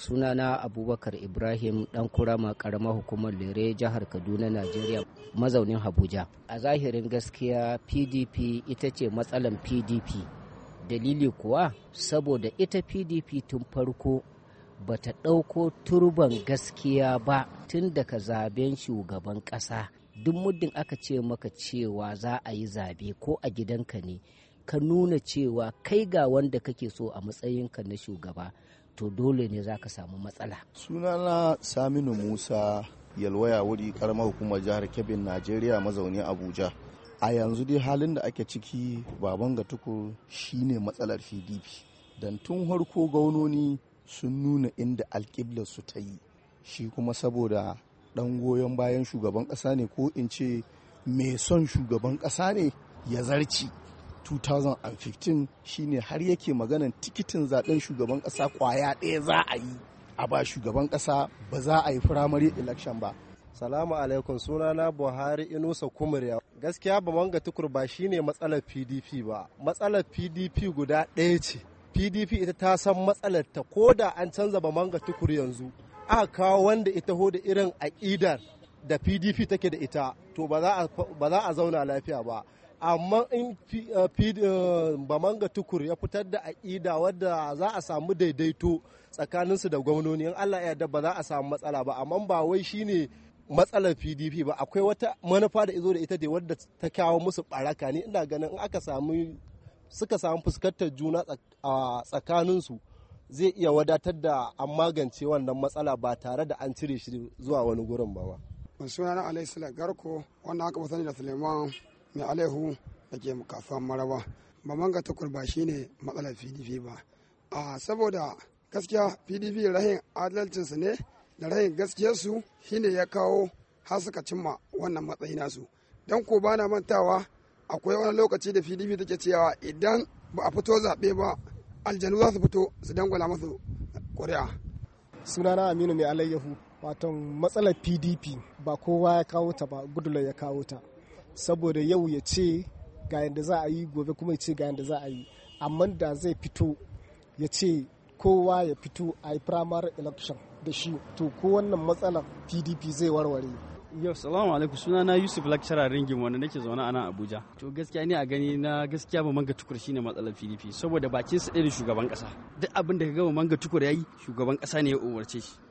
sunana abubakar ibrahim dan kurama karamar hukumar lere jihar kaduna najeriya mazaunin habuja a zahirin gaskiya pdp ita ce matsalan pdp dalili kuwa saboda ita pdp tun farko ba ta ɗauko turban gaskiya ba tun daga zaben shugaban ƙasa duk muddin aka ce maka cewa za a yi zabe ko a gidanka ne ka nuna cewa kai ga wanda kake so a matsayinka na shugaba to dole ne za ka samu matsala sunana saminu musa yalwaya wuri karamar hukumar jihar kebin najeriya mazauni abuja a yanzu dai halin da ake ciki baban ga tukur shine matsalar pdp don tun harko gaunoni sun nuna inda alƙiblar su ta yi shi kuma saboda ɗan goyon bayan shugaban ƙasa ne ko in ce mai son shugaban ƙasa ne ya zarci 2015 shine har yake maganan tikitin zaɓen shugaban kasa kwaya ɗaya za a yi a ba shugaban kasa ba za a yi firamare election ba salamu alaikum sunana buhari inusa kumuriya gaskiya ba manga tukur ba shine matsalar pdp ba matsalar pdp guda ɗaya ce pdp ita ta san matsalar ta ko da an canza ba manga tukur yanzu aka kawo wanda ita hoda irin aƙidar da pdp take da ita to ba za a zauna lafiya ba amma in eh, eh, bamanga tukur ya fitar da aƙida wadda za a samu daidaito tsakaninsu da gwamnoni in allah ya ba za a samu matsala ba amma ba wai shine matsalar pdp ba akwai wata manufa da izo da ita dai wadda ta kawo musu baraka ne ina ganin in aka samu suka samu fuskantar juna a tsakaninsu zai iya wadatar da an magance wannan matsala ba tare da an cire shi zuwa wani gurin ba ba. sunana alaisila garko wanda aka sani da suleiman mai alaihu da ke mukafan maraba ba manga tukur ba shine matsalar pdp ba a saboda gaskiya pdp rahin adalcinsu ne da rahin gaskiyarsu shine ya kawo har suka cimma wannan matsayi nasu don ko bana mantawa akwai wani lokaci da pdp take cewa idan ba a fito zaɓe ba aljanu za su fito su dangwala masu ƙuri'a sunana aminu mai alayyahu waton matsalar pdp ba kowa ya kawo ta ba gudula ya kawo ta saboda yau ya ce ga yadda za a yi gobe kuma ya ce ga yadda za a yi amma da zai fito ya ce kowa ya fito a yi primary election da shi to ko wannan matsalar pdp zai warware yau salamu alaikum suna na yusuf lakcara ringin wanda nake zaune a nan abuja to gaskiya ne a gani na gaskiya ba manga tukur shine matsalar pdp saboda bakin sa irin shugaban kasa duk abinda ka ga manga tukur yayi shugaban kasa ne ya umarce shi